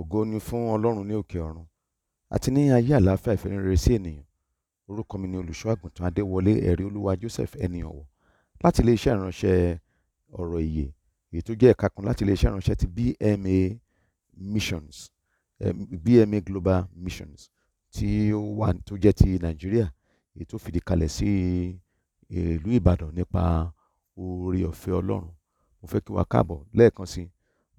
ògo ni fún ọlọ́run ní òkè ọ̀run àti ní ayé àlàáfíà ìfẹ́ rere sí ènìyàn orúkọ mi ni olùṣọ́ adéwọlé ẹ̀rí olúwa joseph ẹni ọ̀wọ̀ láti iléeṣẹ́ ìránṣẹ́ ọ̀rọ̀ ìyè èyí tó jẹ́ ẹ̀ka kan láti iléeṣẹ́ ìránṣẹ́ ti bma missions bma global missions tí ó wà tó jẹ́ ti nàìjíríà èyí tó fìdí kalẹ̀ sí ìlú ìbàdàn nípa oore ọ̀fẹ́ ọlọ́run mo fẹ́ kí wa káàbọ̀ lẹ́ẹ̀kan sí i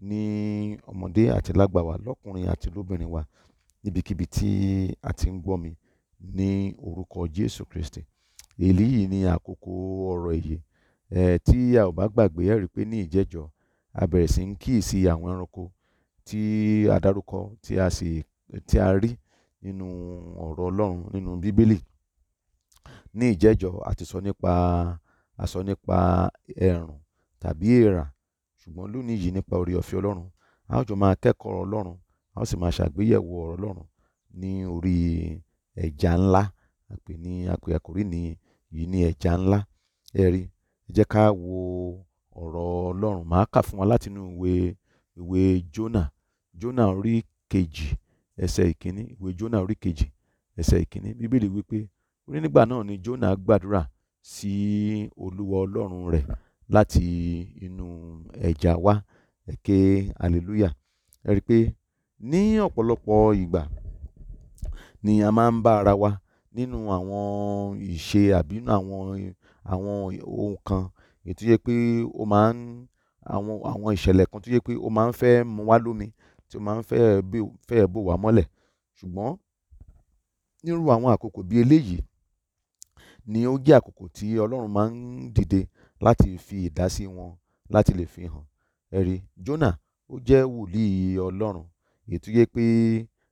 ní ọmọdé àti lágbà wa lọkùnrin àti lóbìnrin wa níbikíbi tí a ti ń gbọ́ mi ní orúkọ Jésù Kristi èyí ni àkókò ọ̀rọ̀ èyí eh, tí a ò bá gbàgbé ẹ rí i pé ní ìjẹ́jọ́ a bẹ̀rẹ̀ sí ń kíyèsí àwọn ẹranko tí a dárúkọ tí a sì tí a rí nínú ọ̀rọ̀ Ọlọ́run nínú Bíbélì ní ìjẹ́jọ́ a ti sọ nípa a sọ nípa ẹ̀rùn tàbí èèrà ṣùgbọ́n lónìí yìí nípa ori ọ̀fẹ́ ọlọ́run a ó jọ máa kẹ́kọ̀ọ́ ọlọ́run a ó sì máa ṣàgbéyẹ̀wò ọ̀rọ̀ ọlọ́run ní orí ẹja ńlá àpè ní àpè àkórí nìyí yìí ní ẹja ńlá ẹ̀rí ẹ jẹ́ ká wo ọ̀rọ̀ ọlọ́run màá fún wa ìwé ìwé jona orí kejì ẹsẹ̀ ìkíní ìwé ni jona gbàdúrà sí olúwa ọlọ́run rẹ̀ láti inú ẹja wá ẹ ké hallelujah. Ẹ rí i pé ní ọ̀pọ̀lọpọ̀ ìgbà ni a máa ń bá ara wa nínú àwọn ìṣe àbí nínú àwọn àwọn ohun kan èyí tó jẹ́ pé ó máa ń àwọn àwọn ìṣẹ̀lẹ̀ kan tó jẹ́ pé ó máa ń fẹ́ mu wá lómi tí ó máa ń fẹ́ bí fẹ́ bò wá mọ́lẹ̀ ṣùgbọ́n nírú àwọn àkókò bí eléyìí ni ó jẹ́ àkókò tí Ọlọ́run máa ń dìde láti fi ìdásí wọn láti lè fi hàn. Ẹ rí, Jónà ó jẹ́ wòlíì Ọlọ́run èyí tó jẹ́ pé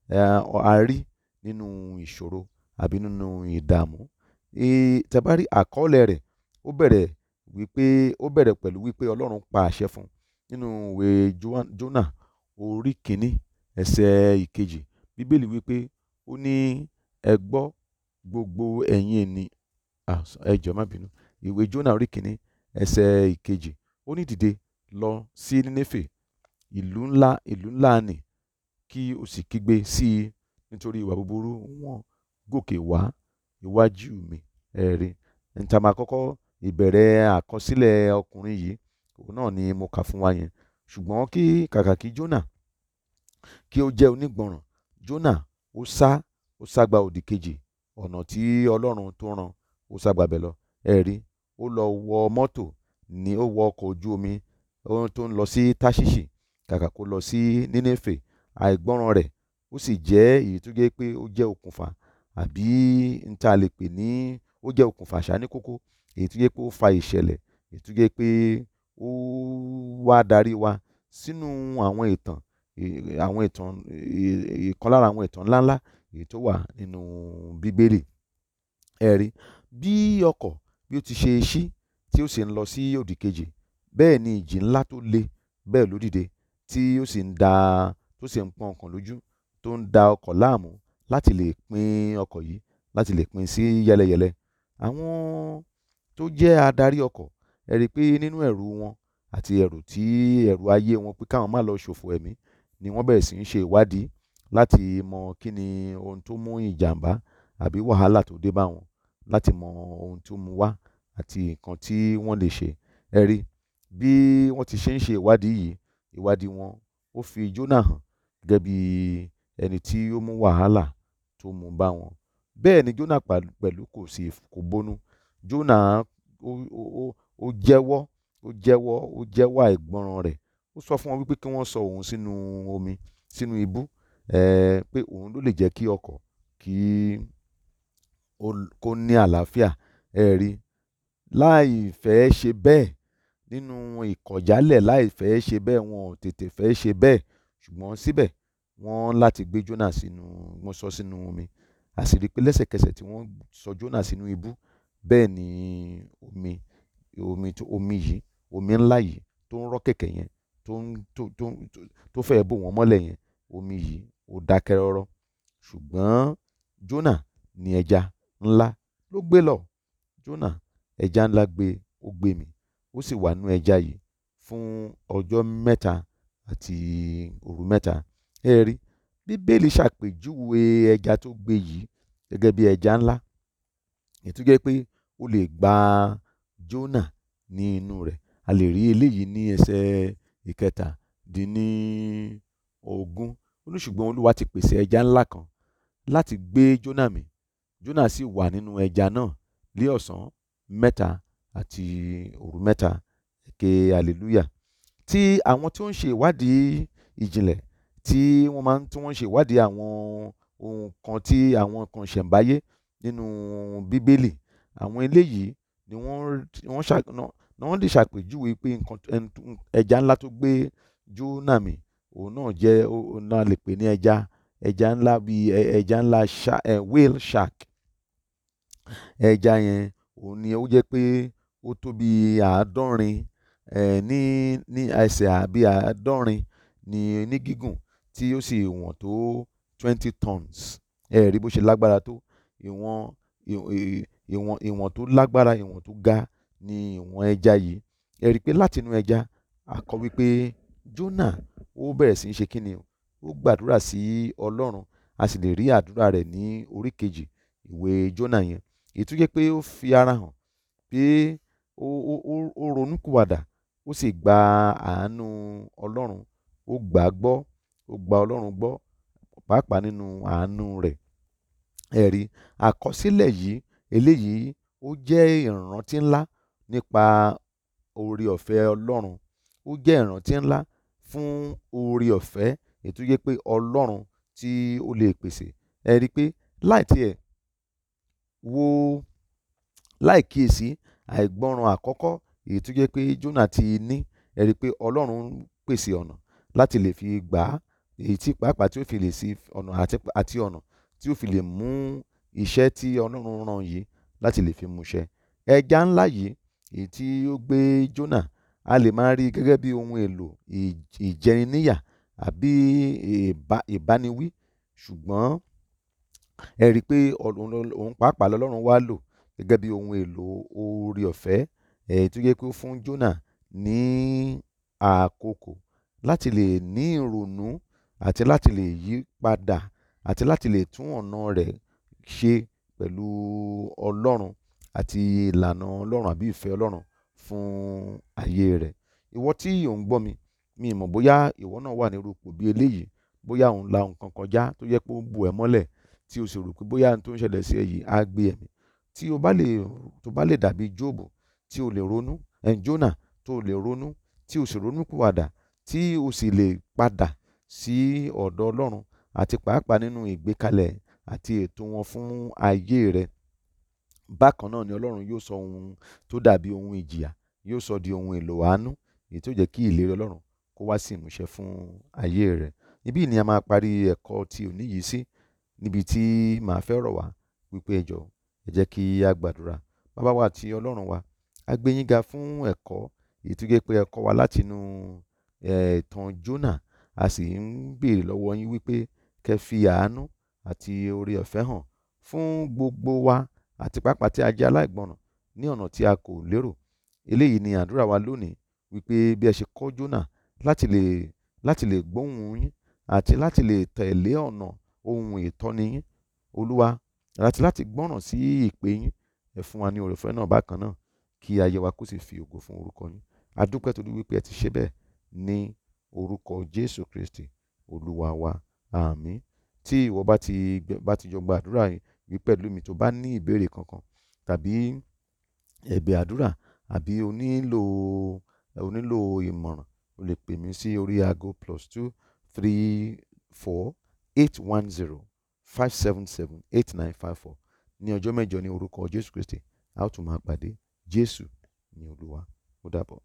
a rí nínú ìṣòro àbí nínú ìdààmú. Tí a bá rí àkọọ́lẹ̀ rẹ̀, ó bẹ̀rẹ̀ wípé ó bẹ̀rẹ̀ pẹ̀lú wípé Ọlọ́run pa àṣẹ fún un nínú ìwé Jonah orí kìíní ẹsẹ̀ ìkejì. Bíbélì wípé ó ní "Ẹ gbọ́ gbogbo ẹ̀yin ènìyàn" à, ah, ẹ jọ̀ọ́ má bínú. Ìwé Jónà orí kìíní ẹsẹ̀ ìkejì ó ní dìde lọ sí nínéfè ìlú ńlá ìlú ńlá nì kí o sì kígbe sí i nítorí ìwà búburú wọn gòkè wá iwájú mi ẹ̀rí ntàmà àkọ́kọ́ ìbẹ̀rẹ̀ àkọsílẹ̀ ọkùnrin yìí òun náà ni mo kà fún wa yẹn ṣùgbọ́n kí kàkà kí Jónà kí ó jẹ́ onígbọ̀ràn Jónà ó sá ó sá gba òdì kejì ọ̀nà tí Ọlọ́run tó rán ó sá gbàbẹ̀ lọ ẹ̀rí ó lọ wọ mọ́tò ní ó wọ ọkọ̀ ojú omi tó ń lọ sí táṣíṣì kàkà kó lọ sí nínéfè àìgbọ́ràn rẹ̀ ó sì jẹ́ èyí tó jẹ́ pé ó jẹ́ okùnfà àbí n ta lè pè ní ó jẹ́ okùnfà àṣà ní kókó èyí tó jẹ́ pé ó fa ìṣẹ̀lẹ̀ èyí tó jẹ́ pé ó wá darí wa sínú àwọn ìtàn àwọn ìtàn ìkan lára àwọn ìtàn ńláńlá èyí tó wà nínú bíbélì ẹ̀rí bí ọkọ̀ bí ó ti ṣe ṣí tí ó sì ń lọ sí òdì kejì bẹ́ẹ̀ ni ìjì ńlá tó le bẹ́ẹ̀ ló dìde tí ó sì ń da tó sì ń pọn ọkàn lójú tó ń da ọkọ̀ láàmú láti lè pín ọkọ̀ yìí láti lè pín sí yẹlẹyẹlẹ àwọn tó jẹ́ adarí ọkọ̀ ẹ rí i pé nínú ẹ̀rù wọn àti ẹ̀rù tí ẹ̀rù ayé wọn pé káwọn má lọ ṣòfò ẹ̀mí ni wọ́n bẹ̀rẹ̀ sí ń ṣe ìwádìí láti mọ kí ni ohun tó mú ìjàmbá àbí wàhálà tó dé bá wọn láti mọ ohun tó mú wá àti nǹkan tí wọ́n lè ṣe. Ẹ rí i bí wọ́n ti ṣe ń ṣe ìwádìí yìí, ìwádìí wọn ó fi Jónà hàn gẹ́gẹ́ bí ẹni tí ó mú wàhálà tó mú bá wọn. Bẹ́ẹ̀ ni Jónà pẹ̀lú kò sì kò bónú. Jónà ó, ó, ó jẹ́wọ́, ó jẹ́wọ́, ó jẹ́wọ́ àìgbọràn rẹ̀. Ó sọ fún wọn wípé kí wọ́n sọ òun sínú omi, sínú ibú, pé òun ló lè jẹ́ kí ọkọ̀ kí kó ní àlàáfíà ẹ rí i láì fẹ́ẹ́ ṣe bẹ́ẹ̀ nínú ìkọ̀jálẹ̀ láì fẹ́ẹ́ ṣe bẹ́ẹ̀ wọn ò tètè fẹ́ẹ́ ṣe bẹ́ẹ̀ ṣùgbọ́n síbẹ̀ wọ́n láti gbé Jónà sínú wọ́n sọ sínú omi a sì rí i pé lẹ́sẹ̀kẹsẹ̀ tí wọ́n sọ Jónà sínú ibú bẹ́ẹ̀ ni omi omi omi yìí omi ńlá yìí tó ń rọ́ kẹ̀kẹ́ yẹn tó ń tó tó tó fẹ́ẹ́ bò wọ́n mọ́lẹ̀ yẹn omi yìí ó dákẹ́ rọ́rọ́ ṣùgbọ́n Jónà ni ẹja ńlá ló gbé lọ jónà ẹja ńlá gbé ó gbé mi ó sì wà nú ẹja yìí fún ọjọ́ mẹ́ta àti òru mẹ́ta ẹ rí bíbélì ṣàpèjúwe ẹja tó gbé yìí gẹ́gẹ́ bí ẹja ńlá ìtújẹ́ pé ó lè gba jónà ní inú rẹ̀ a lè rí eléyìí ní ẹsẹ̀ ìkẹta dín ní ogún ó olúwa ti pèsè ẹja ńlá kan láti gbé jónà mì Jónà sì wà nínú ẹja náà lé ọ̀sán mẹ́ta àti òru mẹ́ta èké hallelujah tí àwọn tí ó ń ṣe ìwádìí ìjìnlẹ̀ tí wọ́n máa ń tí wọ́n ń ṣe ìwádìí àwọn ohun kan tí àwọn kan ṣẹ̀ǹbáyé nínú bíbélì àwọn eléyìí ni wọ́n lè ṣàpèjúwe pé ẹja ńlá tó gbé Jónà mì òun náà jẹ́ òun náà lè pè ní ẹja ẹja ńlá bíi ẹja ńlá eh, whale shark ẹja yẹn òun ni ó jẹ́ pé ó tó bí àádọ́rin um ní ní ẹsẹ̀ bí àádọ́rin ní ní gígùn tí ó sì wọ̀n tó twenty tons ẹ rí bó ṣe lágbára tó ìwọ̀n ìwọ̀n ìwọ̀n tó lágbára ìwọ̀n tó ga ni ìwọ̀n ẹja yìí ẹ rí i pé látinú ẹja a kọ wípé Jónà ó bẹ̀rẹ̀ sí í ṣe kíni ó gbàdúrà sí Ọlọ́run a sì lè rí àdúrà rẹ̀ ní orí kejì ìwé Jónà yẹn èyí tó jẹ́ pé ó fi ara hàn pé ó ó ronúkúwàdà ó sì gba àánú ọlọ́run ó gbà á gbọ́ ó gba ọlọ́run gbọ́ pàápàá nínú àánú rẹ̀ ẹ̀rí àkọsílẹ̀ yìí eléyìí ó jẹ́ ìrántí ńlá nípa oore ọ̀fẹ́ ọlọ́run ó jẹ́ ìrántí ńlá fún oore ọ̀fẹ́ ètò yẹ pé ọlọ́run tí ó lè pèsè ẹ pé láì tiẹ̀ wò ó láìkíyèsí àìgbọràn àkọ́kọ́ èyí tó jẹ́ pé Jónà ti ní ẹ rí i pé Ọlọ́run ń pèsè ọ̀nà láti lè fi gbà á èyí tí pàápàá tí ó fi lè sí ọ̀nà àti ọ̀nà tí ó fi lè mú iṣẹ́ tí Ọlọ́run rán yìí láti lè fi múṣẹ ẹja ńlá yìí èyí tí ó gbé Jónà a lè máa rí gẹ́gẹ́ bí ohun èlò ìjẹniníyà àbí ìbániwí ṣùgbọ́n ẹ rí i pé òun pàápàá lọ́lọ́run wá lò gẹ́gẹ́ bí ohun èlò oore ọ̀fẹ́ èyí tó yẹ kó fún Jónà ní àkókò láti lè ní ìrònú àti láti lè yí padà àti láti lè tún ọ̀nà rẹ̀ ṣe pẹ̀lú Ọlọ́run àti ìlànà Ọlọ́run àbí ìfẹ́ Ọlọ́run fún ayé rẹ̀ ìwọ tí ò ń gbọ́ mi mi ì mọ̀ bóyá ìwọ náà wà ní irú ipò bí eléyìí bóyá òun la nǹkan kọjá tó yẹ pé ó bù mọ́lẹ̀ tí o sì rò pé bóyá n tó ń ṣẹlẹ̀ sí ẹ yìí á gbé ẹ̀mí tí o bá lè tó bá lè dàbí jóòbù tí o lè ronú ẹn jónà tó lè ronú tí o sì ronú pìwàdà tí o sì lè padà sí ọ̀dọ̀ ọlọ́run àti pàápàá nínú ìgbékalẹ̀ àti ètò wọn fún ayé rẹ bákan náà ni ọlọ́run yóò sọ ohun tó dàbí ohun ìjìyà yóò sọ di ohun èlò àánú èyí tó jẹ́ kí ìlérí ọlọ́run kó wá sí ìmúṣẹ fún ayé rẹ ibi ni a máa parí ẹ̀kọ́ ti òní yìí sí níbi tí màá fẹ́ rọ̀ wá wípé ẹ jọ̀ọ́ ẹ jẹ́ kí a gbàdúrà bàbá wa àti ọlọ́run wa a gbé yín ga fún ẹ̀kọ́ èyí tó jẹ́ pé ẹ kọ́ wa látinú ìtàn Jónà a sì ń béèrè lọ́wọ́ yín wípé kẹ́ fi àánú àti oore ọ̀fẹ́ hàn fún gbogbo wa àti pàápàá tí a jẹ́ aláìgbọràn ní ọ̀nà tí a kò lérò eléyìí ni àdúrà wa lónìí wípé bí ẹ ṣe kọ́ Jónà láti lè láti lè gbóhùn yín àti láti lè tẹ̀lé ọ̀nà ohun ìtọ́ni yín olúwa àti láti gbọ́ràn sí ìpè yín ẹ fún wa ní òrèfẹ́ náà bákan náà kí ayé wa kó sì fi ògo fún orúkọ yín adúpẹ́ torí wípé ẹ ti ṣe bẹ́ẹ̀ ní orúkọ jésù kristi olúwa wa àmín tí ìwọ bá ti bá ti jọ gba àdúrà yìí pẹ̀lú mi tó bá ní ìbéèrè kankan tàbí ẹ̀bẹ̀ àdúrà àbí o nílò ìmọ̀ràn o lè pè mí sí orí aago plus two three four eight one zero five seven seven eight nine five four ní ọjọ́ mẹ́jọ ní orúkọ Jésù Kristi a ó tún máa pàdé Jésù ní Olúwa ó dàbọ̀.